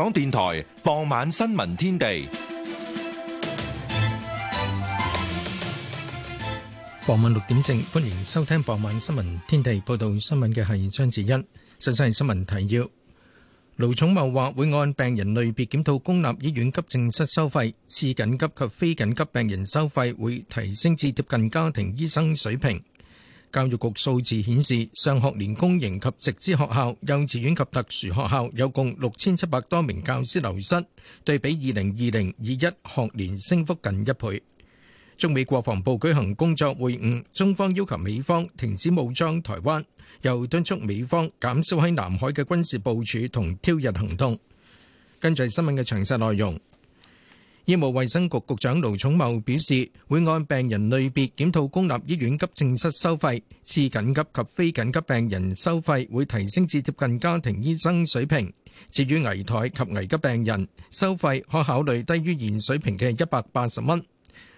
港電台傍晚新聞天地。傍晚六點正，歡迎收聽傍晚新聞天地。報道新聞嘅係張子欣，首先係新聞提要。盧寵茂話會按病人類別檢討公立醫院急症室收費，次緊急及非緊急病人收費會提升至貼近家庭醫生水平。教育局數字顯示，上學年公營及直資學校、幼稚園及特殊學校有共六千七百多名教師流失，對比二零二零二一學年升幅近一倍。中美國防部舉行工作會晤，中方要求美方停止武裝台灣，又敦促美方減少喺南海嘅軍事部署同挑釁行動。跟住係新聞嘅詳細內容。醫務衛生局局長盧寵茂表示，會按病人類別檢討公立醫院急症室收費，次緊急及非緊急病人收費會提升至接近家庭醫生水平。至於危殆及危急病人收費，可考慮低於現水平嘅一百八十蚊。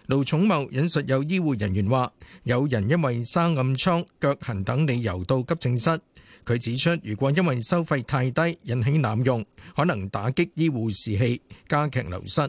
盧寵茂引述有醫護人員話，有人因為生暗瘡、腳痕等理由到急症室。佢指出，如果因為收費太低引起濫用，可能打擊醫護士氣，加劇流失。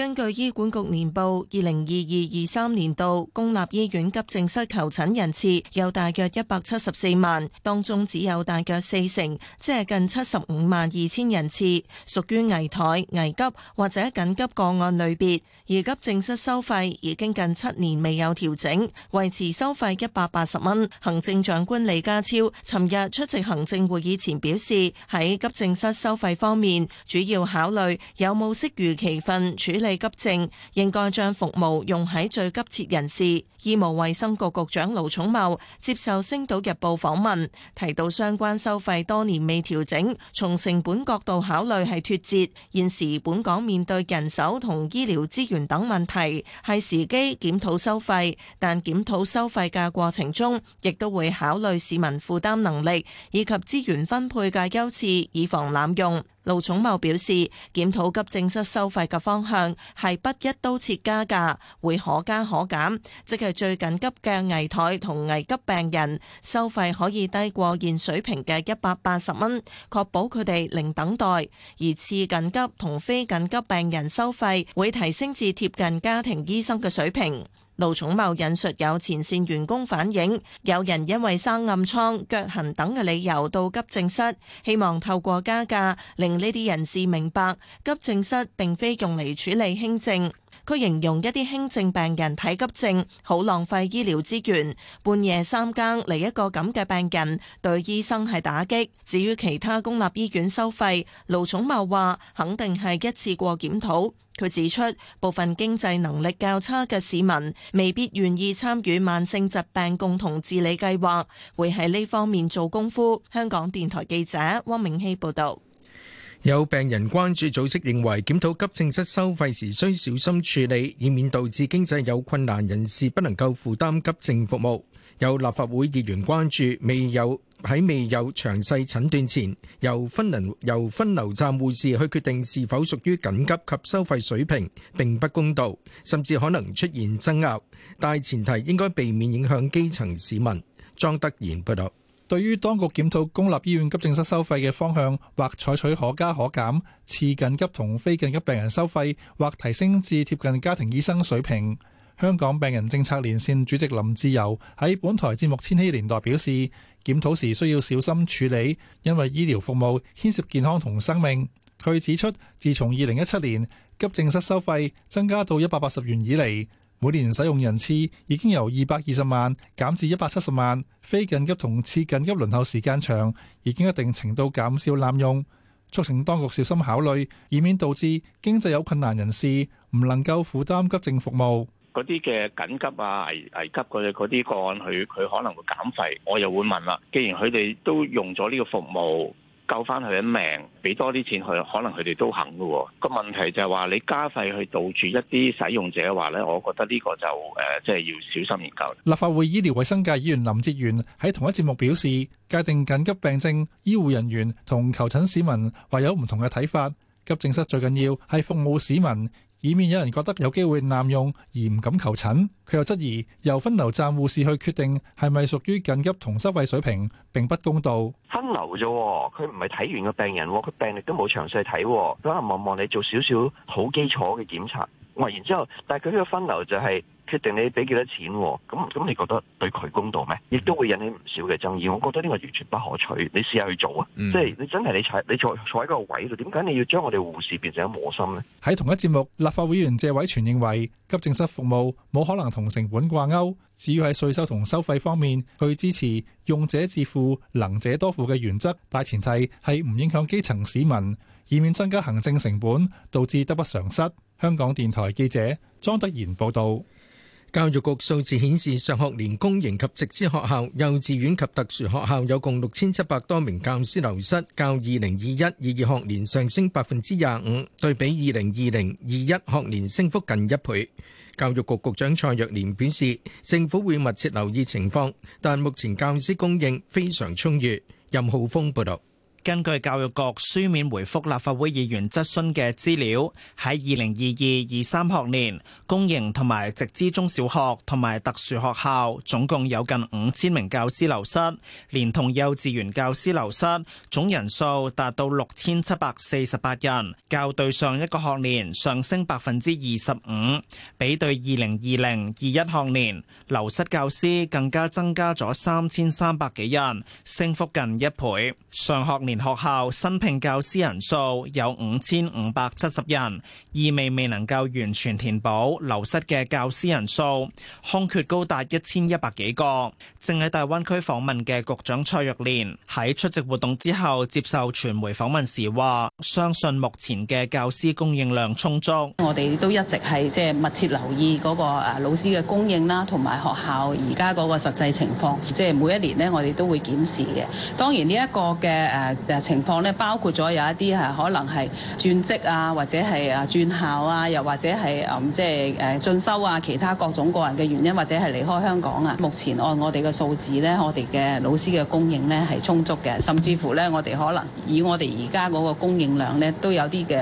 根據醫管局年報，二零二二二三年度公立醫院急症室求診人次有大約一百七十四萬，當中只有大約四成，即係近七十五萬二千人次，屬於危殆、危急或者緊急個案類別。而急症室收費已經近七年未有調整，維持收費一百八十蚊。行政長官李家超尋日出席行政會議前表示，喺急症室收費方面，主要考慮有冇恰如其分處理。急症應該將服務用喺最急切人士。醫務衛生局局長盧寵茂接受《星島日報》訪問，提到相關收費多年未調整，從成本角度考慮係脫節。現時本港面對人手同醫療資源等問題，係時機檢討收費。但檢討收費嘅過程中，亦都會考慮市民負擔能力以及資源分配嘅優次，以防濫用。盧寵茂表示，檢討急症室收費嘅方向係不一刀切加價，會可加可減，即係。最緊急嘅危殆同危急病人收費可以低過現水平嘅一百八十蚊，確保佢哋零等待；而次緊急同非緊急病人收費會提升至貼近家庭醫生嘅水平。盧寵茂引述有前線員工反映，有人因為生暗瘡、腳痕等嘅理由到急症室，希望透過加價令呢啲人士明白急症室並非用嚟處理輕症。佢形容一啲輕症病人睇急症好浪費醫療資源，半夜三更嚟一個咁嘅病人對醫生係打擊。至於其他公立醫院收費，盧寵茂話肯定係一次過檢討。佢指出部分經濟能力較差嘅市民未必願意參與慢性疾病共同治理計劃，會喺呢方面做功夫。香港電台記者汪明希報導。有病人關注組織認為，檢討急症室收費時需小心處理，以免導致經濟有困難人士不能夠負擔急症服務。有立法會議員關注，未有喺未有詳細診斷前，由分能由分流站護士去決定是否屬於緊急及收費水平，並不公道，甚至可能出現爭拗。但前提應該避免影響基層市民。莊德賢報導。對於當局檢討公立醫院急症室收費嘅方向，或採取可加可減，次緊急同非緊急病人收費，或提升至貼近家庭醫生水平。香港病人政策連線主席林志友喺本台節目《千禧年代》表示，檢討時需要小心處理，因為醫療服務牽涉健康同生命。佢指出，自從二零一七年急症室收費增加到一百八十元以嚟。每年使用人次已經由二百二十萬減至一百七十萬，非緊急同次緊急輪候時間長，已經一定程度減少濫用，促請當局小心考慮，以免導致經濟有困難人士唔能夠負擔急症服務。嗰啲嘅緊急啊危危急嗰啲嗰啲個案，佢佢可能會減費，我又會問啦，既然佢哋都用咗呢個服務。救翻佢嘅命，俾多啲錢佢，可能佢哋都肯嘅。個問題就係話，你加費去杜住一啲使用者嘅話，呢我覺得呢個就誒，即係要小心研究。立法會醫療衞生界議員林哲元喺同一節目表示，界定緊急病症，醫護人員同求診市民話有唔同嘅睇法。急症室最緊要係服務市民。以免有人覺得有機會濫用而唔敢求診，佢又質疑由分流站護士去決定係咪屬於緊急同收費水平，並不公道。分流啫，哦，佢唔係睇完個病人，哦，佢病歷都冇詳細睇，可能望望你做少少好基礎嘅檢查。喂，然之後，但係佢呢個分流就係決定你俾幾多錢，咁咁你覺得對佢公道咩？亦都會引起唔少嘅爭議。我覺得呢個完全不可取，你試下去做啊，即係你真係你坐你坐坐喺個位度，點解你要將我哋護士變成咗磨心呢？喺同一節目，立法會議員謝偉全認為急症室服務冇可能同成本掛鈎，至於喺稅收同收費方面去支持用者自付、能者多付嘅原則，但前提係唔影響基層市民，以免增加行政成本，導致得不償失。香港電台記者莊德賢報道，教育局數字顯示，上學年公營及直資學校、幼稚園及特殊學校有共六千七百多名教師流失，較二零二一二二學年上升百分之廿五，對比二零二零二一學年升幅近一倍。教育局局長蔡若蓮表示，政府會密切留意情況，但目前教師供應非常充裕。任浩峰報道。根據教育局書面回覆立法會議員質詢嘅資料，喺二零二二、二三學年，公營同埋直資中小學同埋特殊學校總共有近五千名教師流失，連同幼稚園教師流失，總人數達到六千七百四十八人，較對上一個學年上升百分之二十五，比對二零二零、二一學年流失教師更加增加咗三千三百幾人，升幅近一倍。上學年學校新聘教師人數有五千五百七十人，意味未能夠完全填補流失嘅教師人數，空缺高達一千一百幾個。正喺大灣區訪問嘅局長蔡若蓮喺出席活動之後接受傳媒訪問時話，相信目前嘅教師供應量充足。我哋都一直係即係密切留意嗰個誒老師嘅供應啦，同埋學校而家嗰個實際情況，即係每一年咧我哋都會檢視嘅。當然呢一個嘅誒。誒情況呢，包括咗有一啲誒可能係轉職啊，或者係誒轉校啊，又或者係誒即係誒進修啊，其他各種個人嘅原因，或者係離開香港啊。目前按我哋嘅數字呢，我哋嘅老師嘅供應呢係充足嘅，甚至乎呢我哋可能以我哋而家嗰個供應量呢都有啲嘅，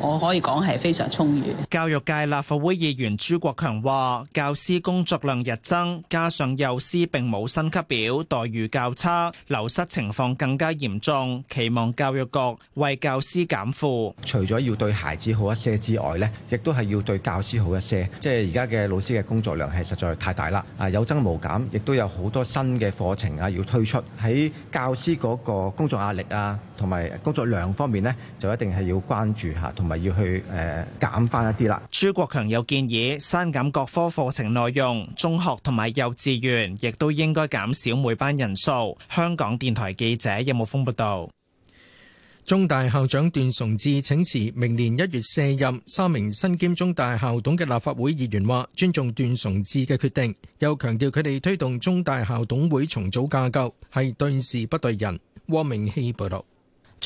我可以講係非常充裕。教育界立法會議員朱國強話：教師工作量日增，加上幼師並冇薪級表，待遇較差，流失情況更加嚴重。期望教育局為教師減負，除咗要對孩子好一些之外咧，亦都係要對教師好一些。即係而家嘅老師嘅工作量係實在太大啦，啊有增無減，亦都有好多新嘅課程啊要推出，喺教師嗰個工作壓力啊同埋工作量方面咧，就一定係要關注下，同埋要去誒減翻一啲啦。朱國強有建議刪減各科課程內容，中學同埋幼稚園亦都應該減少每班人數。香港電台記者任慕峰報道。中大校長段崇智請辭，明年一月卸任。三名身兼中大校董嘅立法會議員話，尊重段崇智嘅決定，又強調佢哋推動中大校董會重組架構係對事不對人。汪明希報道。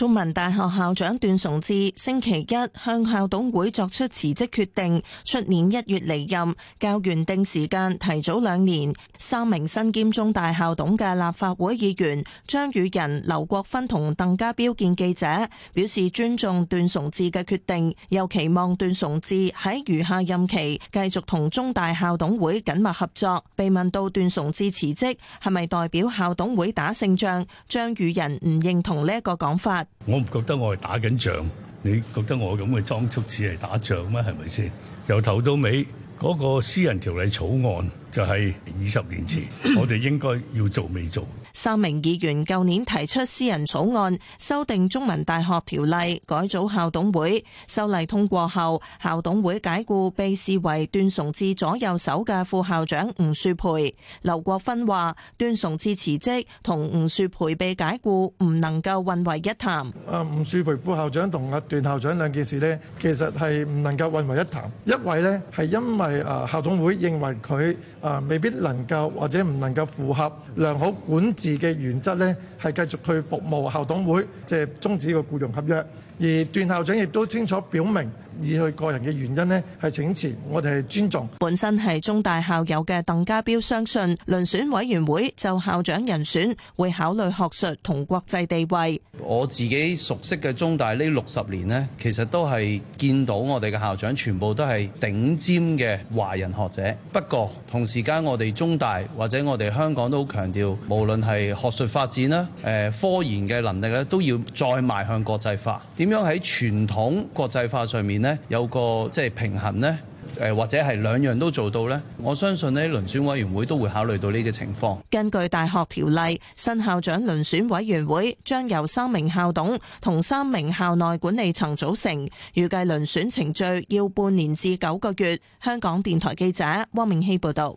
中文大學校長段崇智星期一向校董會作出辭職決定，出年一月離任，較原定時間提早兩年。三名身兼中大校董嘅立法會議員張宇人、劉國勳同鄧家彪見記者，表示尊重段崇智嘅決定，又期望段崇智喺餘下任期繼續同中大校董會緊密合作。被問到段崇智辭職係咪代表校董會打勝仗，張宇人唔認同呢一個講法。我唔覺得我係打緊仗，你覺得我咁嘅裝束似係打仗咩？係咪先？由頭到尾嗰個私人條例草案就係二十年前我哋應該要做未做。三名議員舊年提出私人草案，修訂中文大學條例，改組校董會。修例通過後，校董會解雇被視為段崇智左右手嘅副校長吳樹培。劉國芬話：段崇智辭職同吳樹培被解雇唔能夠混為一談。啊，吳樹培副校長同阿段校長兩件事呢，其實係唔能夠混為一談。一位呢，係因為啊校董會認為佢啊未必能夠或者唔能夠符合良好管治。自己原則咧，係繼續去服務校董會，即係終止個僱傭合約。而段校長亦都清楚表明。以佢個人嘅原因咧，係請辭，我哋係尊重。本身係中大校友嘅鄧家彪相信，遴選委員會就校長人選會考慮學術同國際地位。我自己熟悉嘅中大呢六十年咧，其實都係見到我哋嘅校長全部都係頂尖嘅華人學者。不過同時間我哋中大或者我哋香港都好強調無論係學術發展啦，誒科研嘅能力咧，都要再邁向國際化。點樣喺傳統國際化上面咧？有個即係平衡呢，誒或者係兩樣都做到呢。我相信呢，遴選委員會都會考慮到呢個情況。根據大學條例，新校長遴選委員會將由三名校董同三名校內管理層組成，預計遴選程序要半年至九個月。香港電台記者汪明希報導。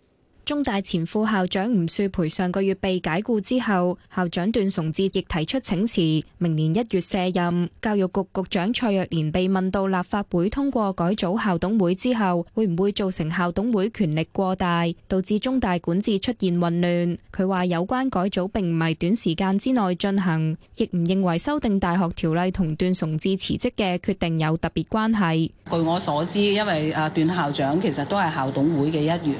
中大前副校長吳樹培上個月被解雇之後，校長段崇智亦提出請辭，明年一月卸任。教育局局長蔡若蓮被問到立法會通過改組校董會之後，會唔會造成校董會權力過大，導致中大管治出現混亂？佢話有關改組並唔係短時間之內進行，亦唔認為修訂大學條例同段崇智辭職嘅決定有特別關係。據我所知，因為阿段校長其實都係校董會嘅一員，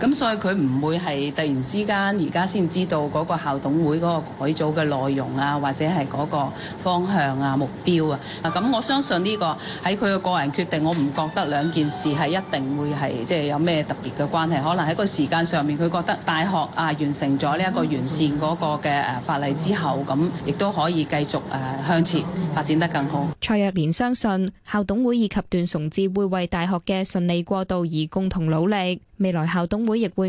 咁所以。佢唔會係突然之間而家先知道嗰個校董會嗰個改組嘅內容啊，或者係嗰個方向啊、目標啊。啊，咁我相信呢、這個喺佢嘅個人決定，我唔覺得兩件事係一定會係即係有咩特別嘅關係，可能喺個時間上面，佢覺得大學啊完成咗呢一個完善嗰個嘅誒法例之後，咁亦都可以繼續誒、啊、向前發展得更好。蔡若蓮相信校董會以及段崇智會為大學嘅順利過渡而共同努力。未來校董會亦會。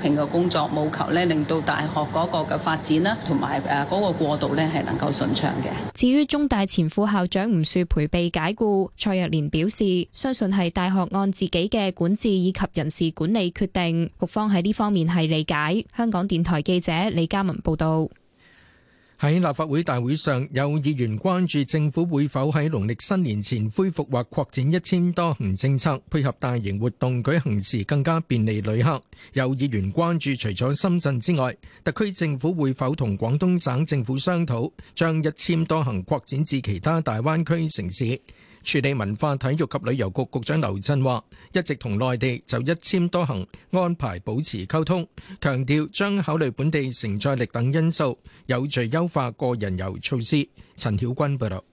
平嘅工作，務求咧令到大學嗰個嘅發展啦，同埋誒嗰個過渡咧係能夠順暢嘅。至於中大前副校長吳樹培被解雇，蔡若蓮表示相信係大學按自己嘅管治以及人事管理決定，局方喺呢方面係理解。香港電台記者李嘉文報道。喺立法會大會上，有議員關注政府會否喺農曆新年前恢復或擴展一簽多行政策，配合大型活動舉行時更加便利旅客。有議員關注，除咗深圳之外，特區政府會否同廣東省政府商討，將一簽多行擴展至其他大灣區城市。署理文化體育及旅遊局局長劉震話：一直同內地就一簽多行安排保持溝通，強調將考慮本地承載力等因素，有序優化個人遊措施。陳曉君報道。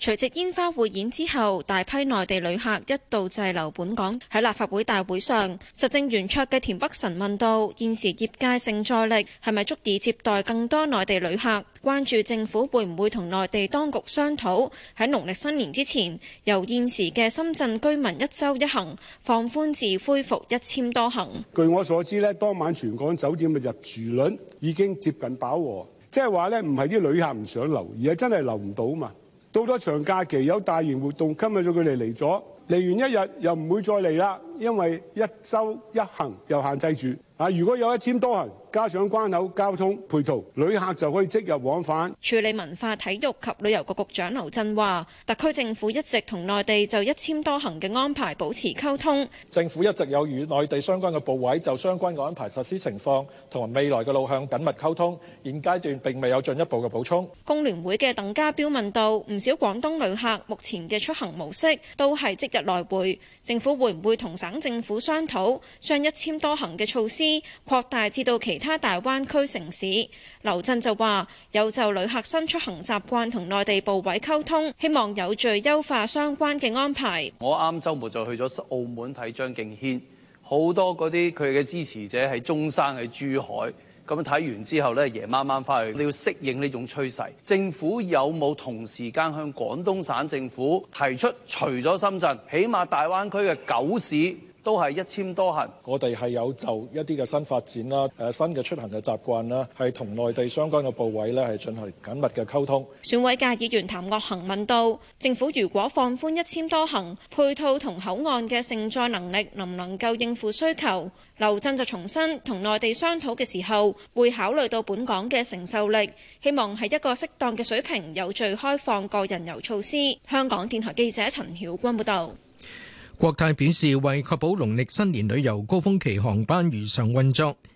除夕煙花匯演之後，大批內地旅客一度滯留本港。喺立法會大會上，實政圓桌嘅田北辰問到：現時業界承受力係咪足以接待更多內地旅客？關注政府會唔會同內地當局商討喺農曆新年之前，由現時嘅深圳居民一周一行放寬至恢復一簽多行。據我所知呢當晚全港酒店嘅入住率已經接近飽和，即係話呢唔係啲旅客唔想留，而係真係留唔到嘛。到咗長假期有大型活動，吸引咗佢哋嚟咗，嚟完一日又唔會再嚟啦。因為一週一行又限制住，啊！如果有一簽多行，加上關口交通配套，旅客就可以即日往返。署理文化體育及旅遊局局長劉震話：特區政府一直同內地就一簽多行嘅安排保持溝通。政府一直有與內地相關嘅部委就相關嘅安排實施情況同埋未來嘅路向緊密溝通，現階段並未有進一步嘅補充。工聯會嘅鄧家彪問道：唔少廣東旅客目前嘅出行模式都係即日來回，政府會唔會同省省政府商討將一簽多行嘅措施擴大至到其他大灣區城市。劉振就話有就旅客新出行習慣同內地部委溝通，希望有序優化相關嘅安排。我啱周末就去咗澳門睇張敬軒，好多嗰啲佢嘅支持者喺中山，喺珠海。咁睇完之後呢，夜晚晚返去，你要適應呢種趨勢。政府有冇同時間向廣東省政府提出，除咗深圳，起碼大灣區嘅九市都係一簽多行？我哋係有就一啲嘅新發展啦，誒新嘅出行嘅習慣啦，係同內地相關嘅部委呢，係進行緊密嘅溝通。選委界議員譚岳衡問到政府如果放寬一簽多行，配套同口岸嘅承載能力能唔能夠應付需求？劉振就重申，同內地商討嘅時候會考慮到本港嘅承受力，希望係一個適當嘅水平，有序開放個人遊措施。香港電台記者陳曉君報道，國泰表示，為確保農曆新年旅遊高峰期航班如常運作。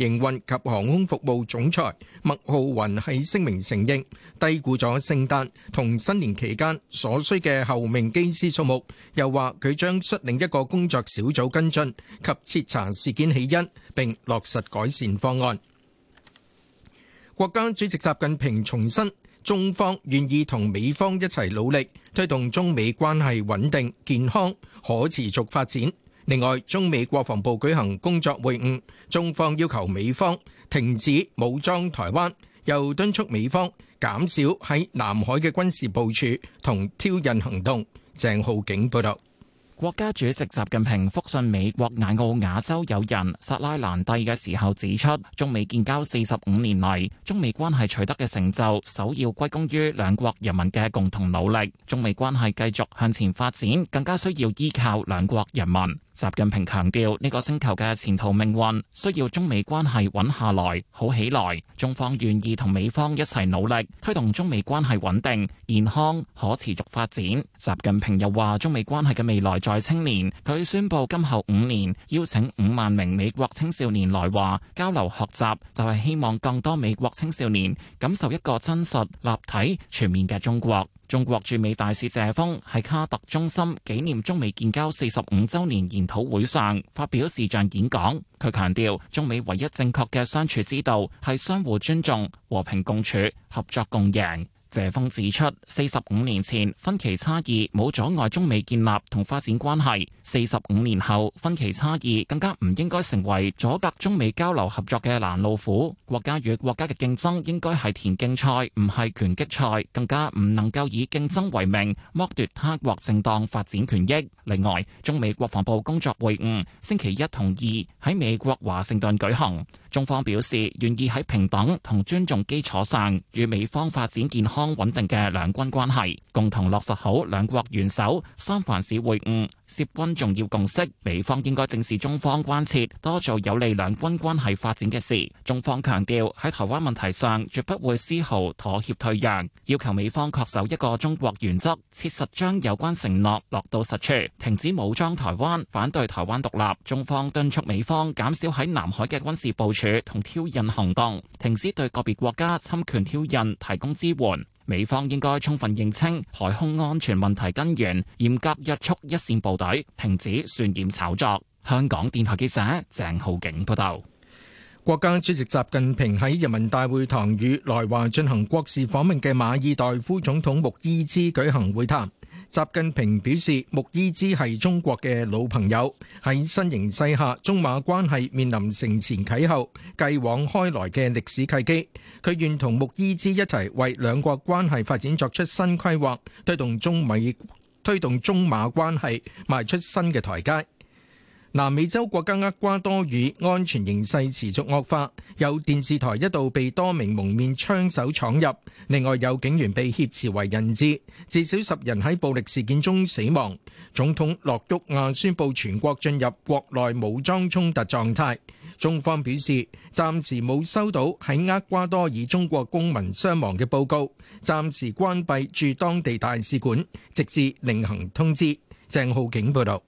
營運及航空服務總裁麥浩雲喺聲明承認低估咗聖誕同新年期間所需嘅候命機師數目，又話佢將率領一個工作小組跟進及徹查事件起因，並落實改善方案。國家主席習近平重申，中方願意同美方一齊努力，推動中美關係穩定、健康、可持續發展。另外，中美國防部舉行工作會晤，中方要求美方停止武裝台灣，又敦促美方減少喺南海嘅軍事部署同挑釁行動。鄭浩景報道，國家主席習近平復信美國艾奧瓦州友人薩拉蘭蒂嘅時候指出，中美建交四十五年嚟，中美關係取得嘅成就首要歸功於兩國人民嘅共同努力。中美關係繼續向前發展，更加需要依靠兩國人民。習近平強調，呢個星球嘅前途命運，需要中美關係穩下來、好起來。中方願意同美方一齊努力，推動中美關係穩定、健康、可持續發展。習近平又話，中美關係嘅未來在青年。佢宣布今後五年邀請五萬名美國青少年來華交流學習，就係希望更多美國青少年感受一個真實、立體、全面嘅中國。中國駐美大使謝鋒喺卡特中心紀念中美建交四十五周年研討會上發表視像演講，佢強調中美唯一正確嘅相處之道係相互尊重、和平共處、合作共贏。謝鋒指出，四十五年前分歧差異冇阻礙中美建立同發展關係，四十五年後分歧差異更加唔應該成為阻隔中美交流合作嘅攔路虎。國家與國家嘅競爭應該係田徑賽，唔係拳擊賽，更加唔能夠以競爭為名剝奪他國正當發展權益。另外，中美國防部工作會晤星期一同二喺美國華盛頓舉行。中方表示願意喺平等同尊重基礎上，與美方發展健康穩定嘅兩軍關係，共同落實好兩國元首三藩市會晤，涉軍重要共識，美方應該正視中方關切，多做有利兩軍關係發展嘅事。中方強調喺台灣問題上絕不會絲毫妥協退讓，要求美方恪守一個中國原則，切實將有關承諾落到實處，停止武裝台灣、反對台灣獨立。中方敦促美方減少喺南海嘅軍事部署同挑釁行動，停止對個別國家侵權挑釁，提供支援。美方應該充分認清海空安全問題根源，嚴格約束一線部隊，停止渲染炒作。香港電台記者鄭浩景報道，國家主席習近平喺人民大會堂與來華進行國事訪問嘅馬爾代夫總統穆伊茲舉行會談。習近平表示，穆伊茲係中國嘅老朋友，喺新形勢下，中馬關係面臨承前啟後、繼往開來嘅歷史契機。佢願同穆伊茲一齊為兩國關係發展作出新規劃，推動中美、推動中馬關係邁出新嘅台階。南美洲國家厄瓜多爾安全形勢持續惡化，有電視台一度被多名蒙面槍手闖入，另外有警員被挾持為人質，至少十人喺暴力事件中死亡。總統洛旭亞宣布全國進入國內武裝衝突狀態。中方表示暫時冇收到喺厄瓜多爾中國公民傷亡嘅報告，暫時關閉駐當地大使館，直至另行通知。鄭浩景報道。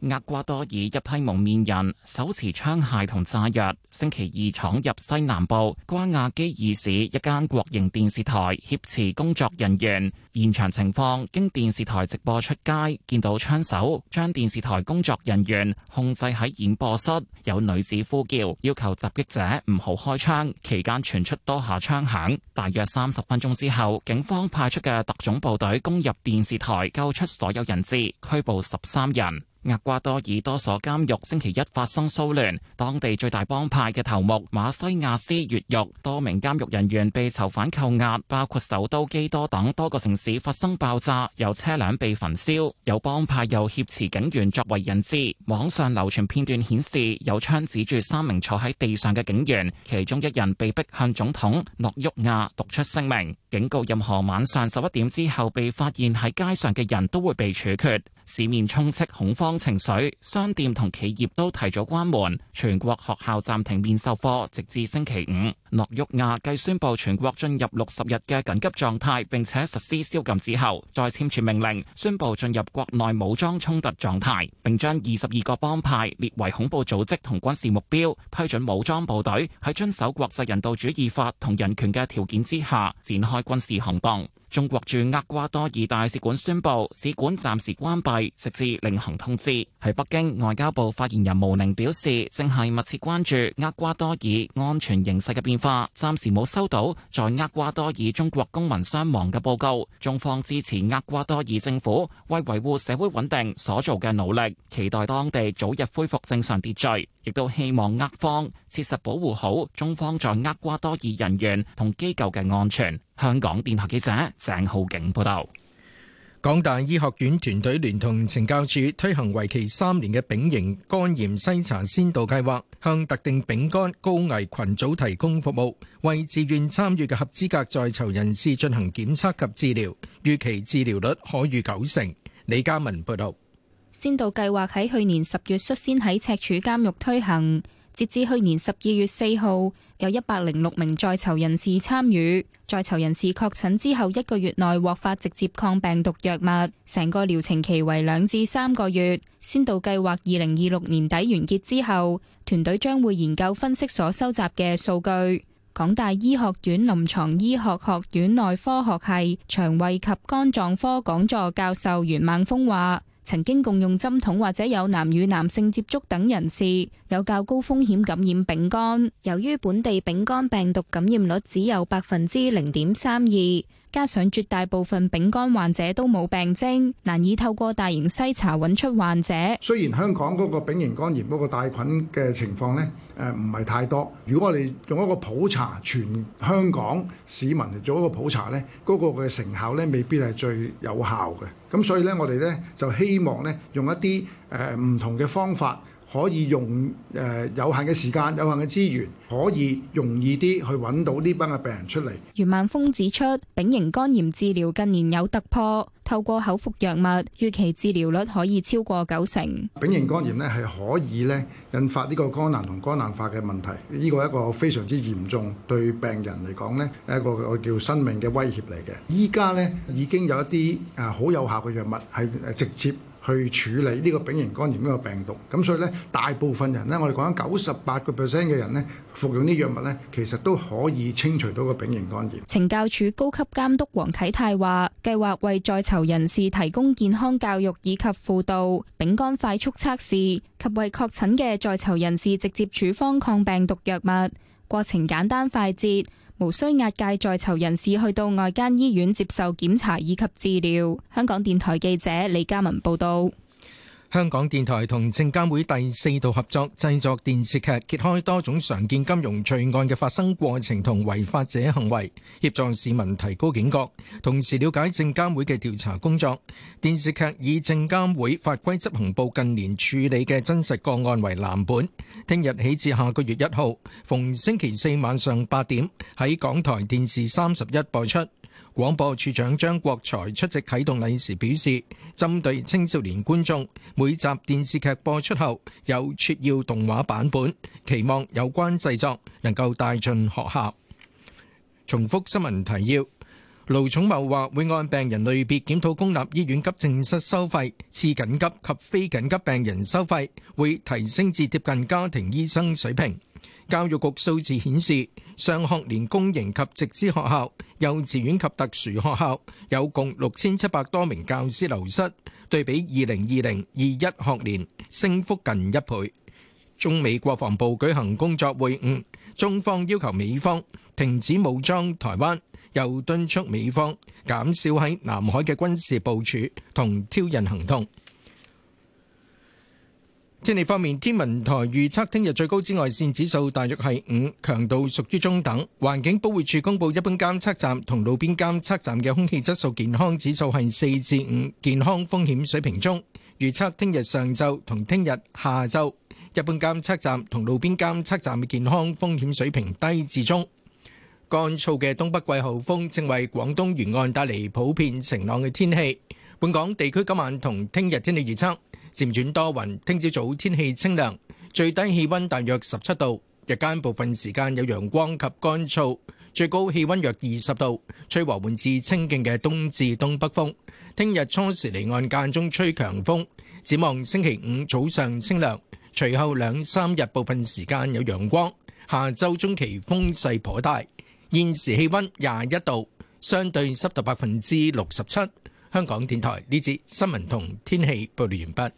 厄瓜多爾一批蒙面人手持槍械同炸藥，星期二闖入西南部瓜亞基爾市一間國營電視台，挾持工作人員。現場情況經電視台直播出街，見到槍手將電視台工作人員控制喺演播室。有女子呼叫要求襲擊者唔好開槍，期間傳出多下槍響。大約三十分鐘之後，警方派出嘅特種部隊攻入電視台，救出所有人質，拘捕十三人。厄瓜多爾多所監獄星期一發生騷亂，當地最大幫派嘅頭目馬西亞斯越獄，多名監獄人員被囚犯扣押，包括首都基多等多個城市發生爆炸，有車輛被焚燒，有幫派又挾持警員作為人質。網上流傳片段顯示，有槍指住三名坐喺地上嘅警員，其中一人被迫向總統諾沃亞讀出聲明，警告任何晚上十一點之後被發現喺街上嘅人都會被處決。市面充斥恐慌情緒，商店同企業都提早關門，全國學校暫停面授課直至星期五。諾沃亞繼宣布全國進入六十日嘅緊急狀態，並且實施宵禁之後再簽署命令，宣布進入國內武裝衝突狀態，並將二十二個幫派列為恐怖組織同軍事目標，批准武裝部隊喺遵守國際人道主義法同人權嘅條件之下，展開軍事行動。中國駐厄瓜多爾大使館宣佈，使館暫時關閉，直至另行通知。喺北京，外交部發言人毛寧表示，正係密切關注厄瓜多爾安全形勢嘅變化，暫時冇收到在厄瓜多爾中國公民傷亡嘅報告。中方支持厄瓜多爾政府為維護社會穩定所做嘅努力，期待當地早日恢復正常秩序，亦都希望厄方切實保護好中方在厄瓜多爾人員同機構嘅安全。香港電臺記者鄭浩景報道，港大醫學院團隊聯同懲教署推行為期三年嘅丙型肝炎篩查先導計劃，向特定丙肝高危群組提供服務，為自願參與嘅合資格在囚人士進行檢測及治療，預期治療率可逾九成。李嘉文報道，先導計劃喺去年十月率先喺赤柱監獄推行。截至去年十二月四號，有一百零六名在囚人士參與。在囚人士確診之後，一個月內獲發直接抗病毒藥物，成個療程期為兩至三個月。先導計劃二零二六年底完結之後，團隊將會研究分析所收集嘅數據。港大醫學院臨床醫學學院內科學系腸胃及肝臟科講座教授袁孟峰話曾經共用針筒，或者有男與男性接觸等人士，有較高風險感染丙肝。由於本地丙肝病毒感染率只有百分之零點三二，加上絕大部分丙肝患者都冇病徵，難以透過大型篩查揾出患者。雖然香港嗰個丙型肝炎嗰個帶菌嘅情況呢，誒唔係太多。如果我哋用一個普查，全香港市民嚟做一個普查呢，嗰個嘅成效呢未必係最有效嘅。咁所以呢，我哋呢就希望呢用一啲誒唔同嘅方法。可以用誒有限嘅時間、有限嘅資源，可以容易啲去揾到呢班嘅病人出嚟。余萬峰指出，丙型肝炎治療近年有突破，透過口服藥物，預期治療率可以超過九成。丙型肝炎咧係可以咧引發呢個肝癌同肝硬化嘅問題，呢個係一個非常之嚴重，對病人嚟講呢係一個叫生命嘅威脅嚟嘅。依家呢已經有一啲誒好有效嘅藥物係直接去處理呢個丙型肝炎呢個病毒，咁所以咧，大部分人咧，我哋講緊九十八個 percent 嘅人呢，服用啲藥物呢，其實都可以清除到個丙型肝炎。懲教署高級監督黃啟泰話，計劃為在囚人士提供健康教育以及輔導丙肝快速測試，及為確診嘅在囚人士直接處方抗病毒藥物，過程簡單快捷。無需押解在囚人士去到外間醫院接受檢查以及治療。香港電台記者李嘉文報道。香港電台同證監會第四度合作製作電視劇，揭開多種常見金融罪案嘅發生過程同違法者行為，協助市民提高警覺，同時了解證監會嘅調查工作。電視劇以證監會法規執行部近年處理嘅真實個案為藍本，聽日起至下個月一號逢星期四晚上八點喺港台電視三十一播出。廣播處長張國財出席啟動禮時表示，針對青少年觀眾，每集電視劇播出後有撮要動畫版本，期望有關製作能夠帶進學校。重複新聞提要：盧寵茂話會按病人類別檢討公立醫院急症室收費，次緊急及非緊急病人收費會提升至接近家庭醫生水平。教育局數字顯示。上學年公營及直資學校、幼稚園及特殊學校有共六千七百多名教師流失，對比二零二零二一學年升幅近一倍。中美國防部舉行工作會晤，中方要求美方停止武裝台灣，又敦促美方減少喺南海嘅軍事部署同挑釁行動。天氣方面，天文台預測聽日最高紫外線指數大約係五，強度屬於中等。環境保護署公布，一般監測站同路邊監測站嘅空氣質素健康指數係四至五，健康風險水平中。預測聽日上晝同聽日下晝，一般監測站同路邊監測站嘅健康風險水平低至中。乾燥嘅東北季候風正為廣東沿岸帶嚟普遍晴朗嘅天氣。本港地區今晚同聽日天氣預測。漸轉多雲，聽朝早天氣清涼，最低氣溫大約十七度，日間部分時間有陽光及乾燥，最高氣溫約二十度，吹和緩至清勁嘅東至東北風。聽日初時離岸間中吹強風，展望星期五早上清涼，隨後兩三日部分時間有陽光，下週中期風勢頗大。現時氣溫廿一度，相對濕度百分之六十七。香港電台呢節新聞同天氣報道完畢。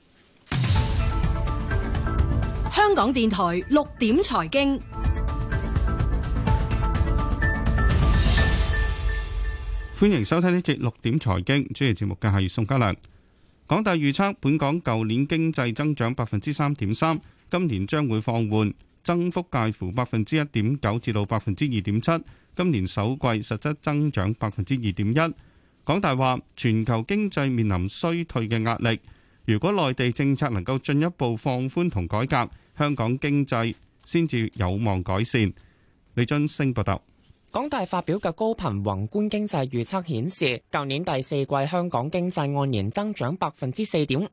香港電台六點財經，歡迎收聽呢節六點財經。主持節目嘅係宋家良。港大預測，本港舊年經濟增長百分之三點三，今年將會放緩，增幅介乎百分之一點九至到百分之二點七。今年首季實質增長百分之二點一。港大話，全球經濟面臨衰退嘅壓力。如果內地政策能夠進一步放寬同改革，香港經濟先至有望改善。李俊升報道。港大發表嘅高頻宏觀經濟預測顯示，舊年第四季香港經濟按年增長百分之四點五，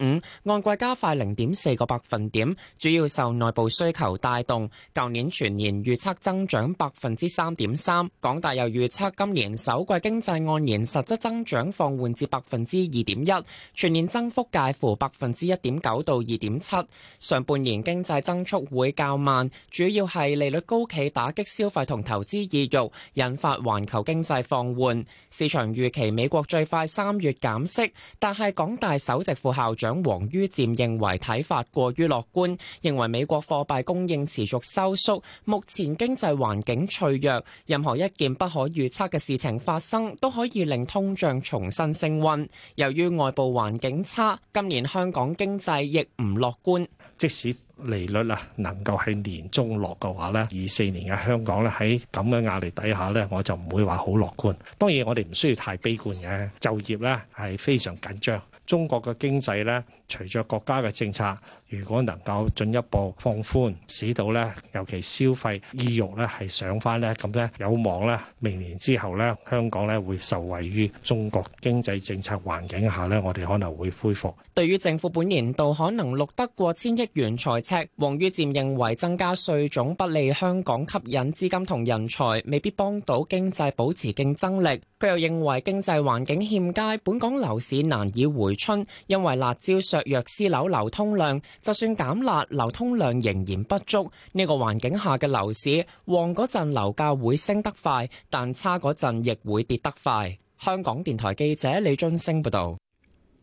按季加快零點四個百分點，主要受內部需求帶動。舊年全年預測增長百分之三點三，港大又預測今年首季經濟按年實質增長放緩至百分之二點一，全年增幅介乎百分之一點九到二點七。上半年經濟增速會較慢，主要係利率高企，打擊消費同投資意欲。引發環球經濟放緩，市場預期美國最快三月減息，但係港大首席副校長王于漸認為睇法過於樂觀，認為美國貨幣供應持續收縮，目前經濟環境脆弱，任何一件不可預測嘅事情發生，都可以令通脹重新升温。由於外部環境差，今年香港經濟亦唔樂觀，即使。利率啊，能夠喺年中落嘅話咧，二四年嘅香港咧，喺咁嘅壓力底下咧，我就唔會話好樂觀。當然我哋唔需要太悲觀嘅，就業咧係非常緊張。中國嘅經濟咧，隨着國家嘅政策。如果能夠進一步放寬，使到咧，尤其消費意欲咧係上返咧，咁咧有望咧明年之後咧，香港咧會受惠於中國經濟政策環境下咧，我哋可能會恢復。對於政府本年度可能錄得過千億元財赤，王于漸認為增加稅種不利香港吸引資金同人才，未必幫到經濟保持競爭力。佢又認為經濟環境欠佳，本港樓市難以回春，因為辣招削弱私樓流，流通量。就算減辣流通量仍然不足。呢、這個環境下嘅樓市旺嗰陣樓價會升得快，但差嗰陣亦會跌得快。香港電台記者李津升報道，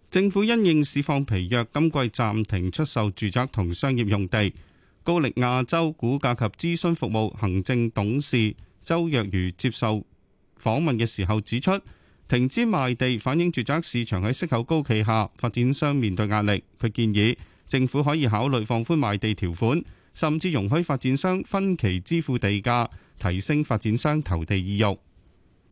政府因應市況疲弱，今季暫停出售住宅同商業用地。高力亞洲股價及諮詢服務行政董事周若如接受訪問嘅時候指出，停止賣地反映住宅市場喺息口高企下發展商面對壓力。佢建議。政府可以考慮放寬賣地條款，甚至容許發展商分期支付地價，提升發展商投地意欲。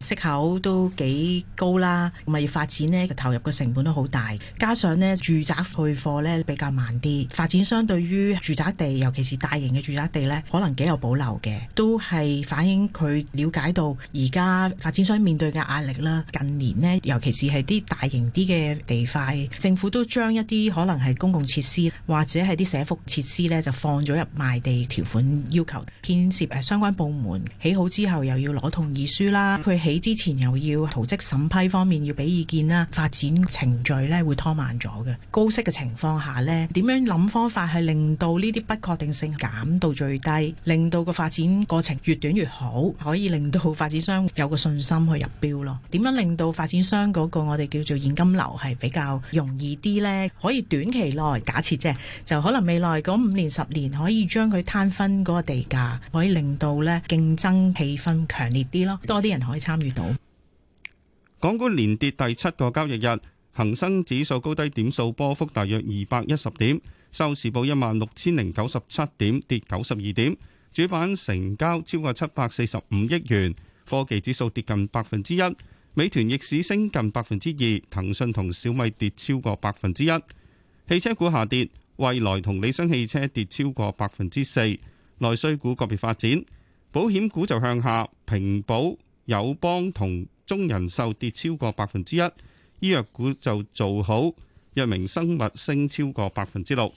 息口都幾高啦，物業發展咧，投入嘅成本都好大，加上咧住宅配貨咧比較慢啲，發展商對於住宅地，尤其是大型嘅住宅地咧，可能幾有保留嘅，都係反映佢了解到而家發展商面對嘅壓力啦。近年咧，尤其是係啲大型啲嘅地塊，政府都將一啲可能係公共設施或者係啲社福設施咧，就放咗入賣地條款要求建設，誒相關部門起好之後，又要攞同意書啦，譬比之前又要圖則審批方面要俾意見啦，發展程序咧會拖慢咗。嘅高息嘅情況下咧，點樣諗方法係令到呢啲不確定性減到最低，令到個發展過程越短越好，可以令到發展商有個信心去入標咯。點樣令到發展商嗰個我哋叫做現金流係比較容易啲咧？可以短期內假設啫，就可能未來嗰五年十年可以將佢攤分嗰個地價，可以令到咧競爭氣氛強烈啲咯，多啲人可以參。港股連跌第七個交易日，恒生指數高低點數波幅大約二百一十點，收市報一萬六千零九十七點，跌九十二點。主板成交超過七百四十五億元。科技指數跌近百分之一，美團逆市升近百分之二，騰訊同小米跌超過百分之一。汽車股下跌，蔚來同理想汽車跌超過百分之四。內需股個別發展，保險股就向下，平保。友邦同中人壽跌超過百分之一，醫藥股就做好，藥明生物升超過百分之六。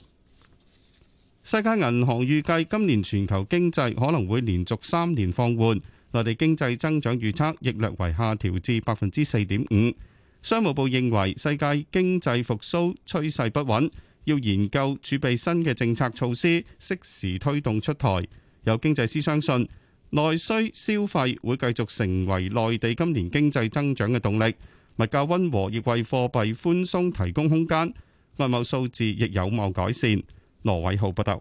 世界銀行預計今年全球經濟可能會連續三年放緩，內地經濟增長預測亦略為下調至百分之四點五。商務部認為世界經濟復蘇趨勢不穩，要研究儲備新嘅政策措施，適時推動出台。有經濟師相信。內需消費會繼續成為內地今年經濟增長嘅動力，物價溫和，亦為貨幣寬鬆提供空間，外貿數字亦有望改善。羅偉浩報道。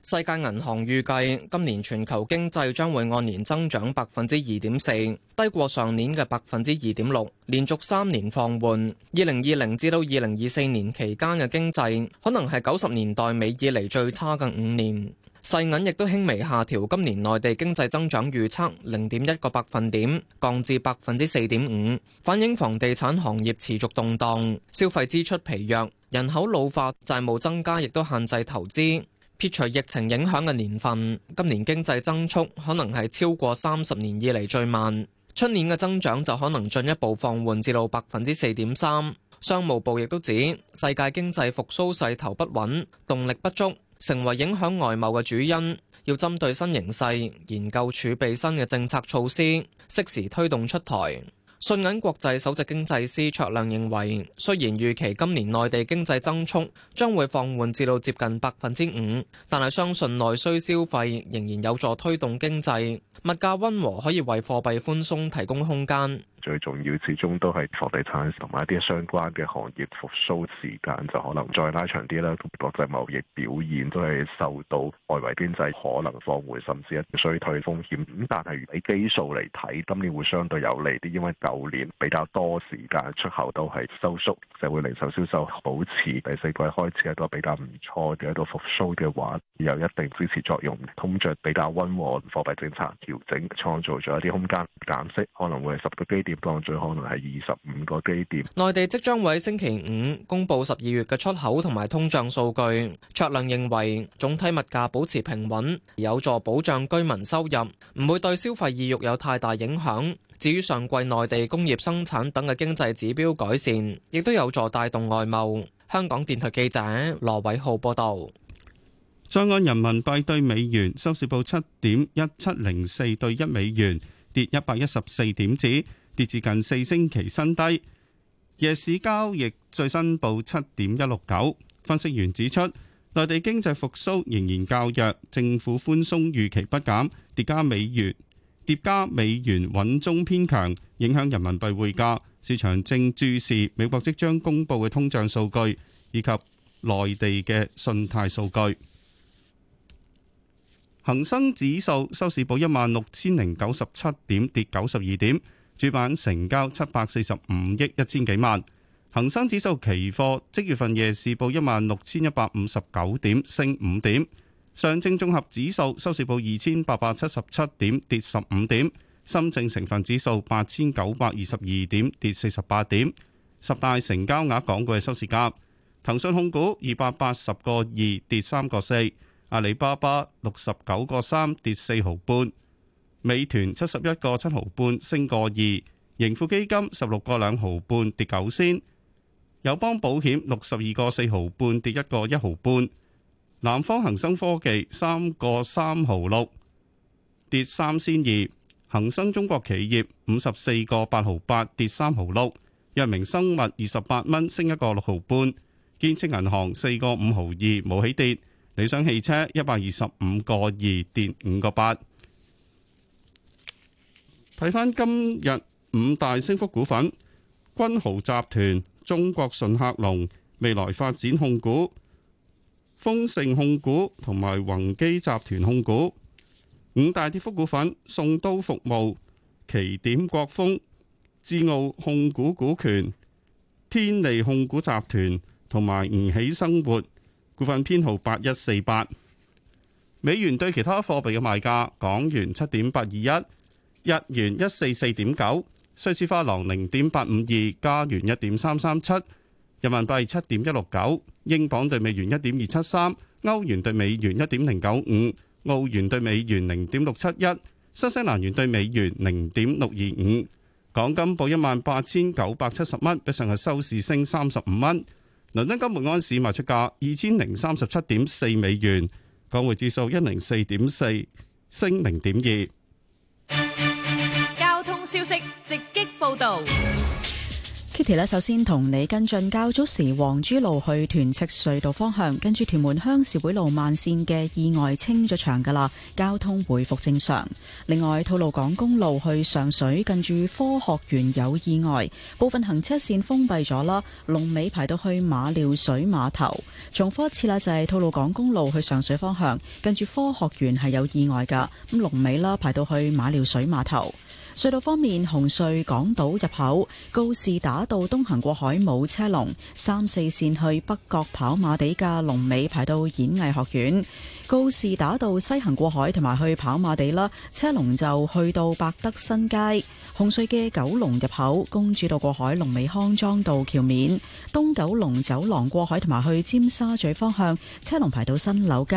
世界銀行預計今年全球經濟將會按年增長百分之二點四，低過上年嘅百分之二點六，連續三年放緩。二零二零至到二零二四年期間嘅經濟，可能係九十年代尾以嚟最差嘅五年。世銀亦都輕微下調，今年內地經濟增長預測零點一個百分點，降至百分之四點五，反映房地產行業持續動盪、消費支出疲弱、人口老化、債務增加，亦都限制投資。撇除疫情影響嘅年份，今年經濟增速可能係超過三十年以嚟最慢，春年嘅增長就可能進一步放緩至到百分之四點三。商務部亦都指，世界經濟復甦勢頭不穩，動力不足。成為影響外貿嘅主因，要針對新形勢、研究儲備新嘅政策措施，適時推動出台。信銀國際首席經濟師卓亮認為，雖然預期今年內地經濟增速將會放緩至到接近百分之五，但係相信內需消費仍然有助推動經濟，物價溫和可以為貨幣寬鬆提供空間。最重要，始終都係房地產同埋一啲相關嘅行業復甦時間就可能再拉長啲啦。國際貿易表現都係受到外圍經濟可能放緩，甚至一啲衰退風險。咁但係喺基數嚟睇，今年會相對有利啲，因為舊年比較多時間出口都係收縮，社會零售銷售保持第四季開始一個比較唔錯嘅一個復甦嘅話，有一定支持作用。通脹比較溫和貨幣政策調整，創造咗一啲空間減息，可能會係十個基點。降最可能係二十五個基點。內地即將喺星期五公布十二月嘅出口同埋通脹數據。卓亮認為總體物價保持平穩，有助保障居民收入，唔會對消費意欲有太大影響。至於上季內地工業生產等嘅經濟指標改善，亦都有助帶動外貿。香港電台記者羅偉浩報道。在岸人民幣兌美元收市報七點一七零四兌一美元，跌一百一十四點子。跌至近四星期新低，夜市交易最新報七點一六九。分析員指出，內地經濟復蘇仍然較弱，政府寬鬆預期不減，疊加美元疊加美元穩中偏強，影響人民幣匯價。市場正注視美國即將公布嘅通脹數據以及內地嘅信貸數據。恒生指數收市報一萬六千零九十七點，跌九十二點。主板成交七百四十五億一千幾萬，恒生指數期貨即月份夜市報一萬六千一百五十九點，升五點。上證綜合指數收市報二千八百七十七點，跌十五點。深證成分指數八千九百二十二點，跌四十八點。十大成交額港股嘅收市價，騰訊控股二百八十個二跌三個四，阿里巴巴六十九個三跌四毫半。美團七十一個七毫半升個二，盈富基金十六個兩毫半跌九仙，友邦保險六十二個四毫半跌一個一毫半，南方恒生科技三個三毫六跌三仙二，恒生中國企業五十四個八毫八跌三毫六，藥明生物二十八蚊升一個六毫半，建設銀行四個五毫二冇起跌，理想汽車一百二十五個二跌五個八。睇翻今日五大升幅股份：君豪集團、中國順客隆、未來發展控股、豐盛控股同埋宏基集團控股。五大跌幅股份：宋都服務、奇點國豐、智奧控股股權、天利控股集團同埋吳起生活股份編號八一四八。美元對其他貨幣嘅賣價：港元七點八二一。日元一四四點九，瑞士法郎零點八五二，加元一點三三七，人民幣七點一六九，英鎊兌美元一點二七三，歐元兌美元一點零九五，澳元兌美元零點六七一，新西蘭元兌美元零點六二五。港金報一萬八千九百七十蚊，比上日收市升三十五蚊。倫敦金每安士賣出價二千零三十七點四美元，港匯指數一零四點四，升零點二。消息直擊報道，Kitty，首先同你跟進。較早時，黃珠路去屯赤隧道方向，跟住屯門鄉事會路慢線嘅意外清咗場噶啦，交通回復正常。另外，吐露港公路去上水近住科學園有意外，部分行車線封閉咗啦。龍尾排到去馬料水碼頭。重複一次啦，就係、是、吐露港公路去上水方向，跟住科學園係有意外噶咁，龍尾啦排到去馬料水碼頭。隧道方面，紅隧港島入口告士打道東行過海冇車龍，三四線去北角跑馬地嘅龍尾排到演藝學院。告士打道西行過海同埋去跑馬地啦，車龍就去到百德新街。紅隧嘅九龍入口公主道過海龍尾康莊道橋面，東九龍走廊過海同埋去尖沙咀方向車龍排到新柳街。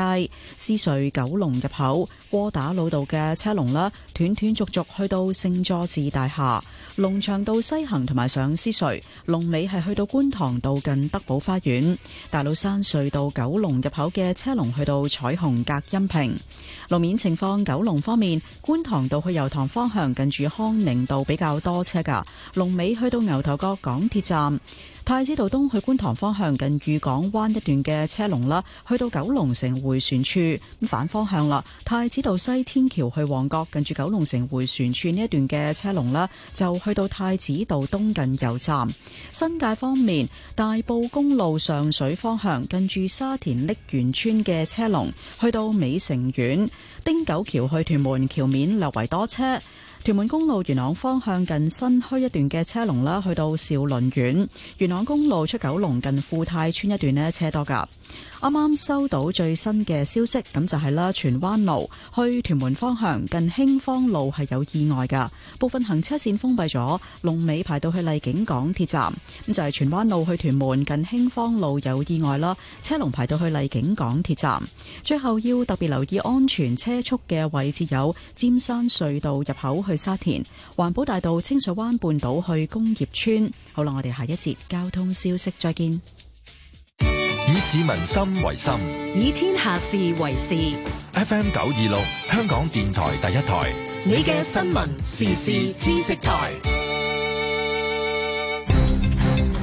獅隧九龍入口窩打老道嘅車龍啦，斷斷續續去到。星座智大廈、龍翔道西行同埋上獅隧，龍尾係去到觀塘道近德寶花園；大老山隧道九龍入口嘅車龍去到彩虹隔音屏。路面情況，九龍方面，觀塘道去油塘方向近住康寧道比較多車噶，龍尾去到牛頭角港鐵站。太子道東去觀塘方向近裕港灣一段嘅車龍啦，去到九龍城回旋處，咁反方向啦。太子道西天橋去旺角近住九龍城回旋處呢一段嘅車龍啦，就去到太子道東近油站。新界方面，大埔公路上水方向近住沙田瀝源村嘅車龍，去到美城苑。汀九橋去屯門橋面略為多車。屯門公路元朗方向近新墟一段嘅車龍啦，去到兆麟苑。元朗公路出九龍近富泰村一段呢，車多㗎。啱啱收到最新嘅消息，咁就係啦，荃灣路去屯門方向近興芳路係有意外嘅，部分行車線封閉咗，龍尾排到去荔景港鐵站。咁就係荃灣路去屯門近興芳路有意外啦，車龍排到去荔景港鐵站。最後要特別留意安全車速嘅位置有尖山隧道入口去沙田、環保大道清水灣半島去工業村。好啦，我哋下一節交通消息再見。市民心為心，以天下事為事。FM 九二六，香港電台第一台，你嘅新聞時事知識台。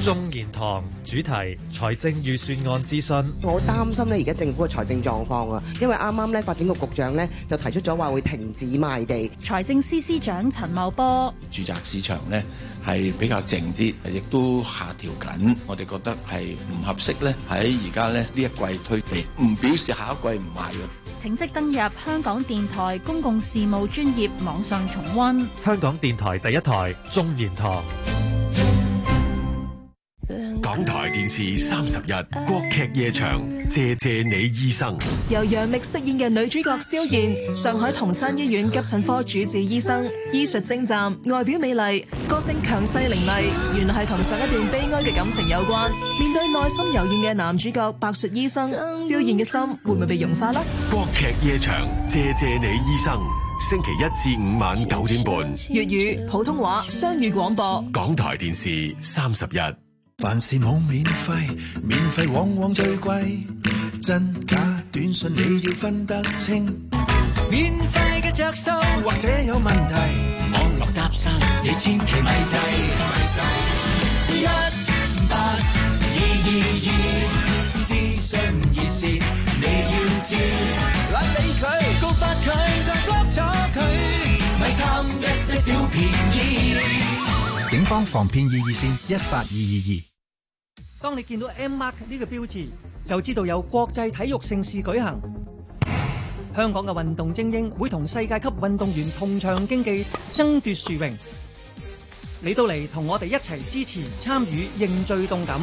中賢堂主題：財政預算案諮詢。我擔心咧，而家政府嘅財政狀況啊，因為啱啱咧，發展局局長咧就提出咗話會停止賣地。財政司司長陳茂波，住宅市場咧。係比較靜啲，亦都下調緊。我哋覺得係唔合適呢。喺而家呢，呢一季推地，唔表示下一季唔賣。請即登入香港電台公共事務專業網上重溫。香港電台第一台，中言堂。港台電視三十日，國劇夜場，謝謝你醫生。由楊冪飾演嘅女主角蕭燕，上海同山醫院急診科主治醫生，醫術精湛，外表美麗，個性強勢凌厲，原來係同上一段悲哀嘅感情有關。面對內心柔軟嘅男主角白朮醫生，蕭燕嘅心會唔會被融化呢？國劇夜場，謝謝你醫生。星期一至五晚九點半，粵語、普通話雙語廣播。港台電視三十日。凡事冇免費，免費往往最貴。真假短信你要分得清。免費嘅着數或者有問題，網絡搭訕你千祈咪制。一八二二二，諮詢熱線你要知，懶得理佢，告發佢，就 block 咗佢，咪貪一些小便宜。警方防騙熱線一八二二二。當你見到 M Mark 呢個標誌，就知道有國際體育盛事舉行。香港嘅運動精英會同世界級運動員同場競技，爭奪殊榮。你到嚟同我哋一齊支持、參與、認罪動感。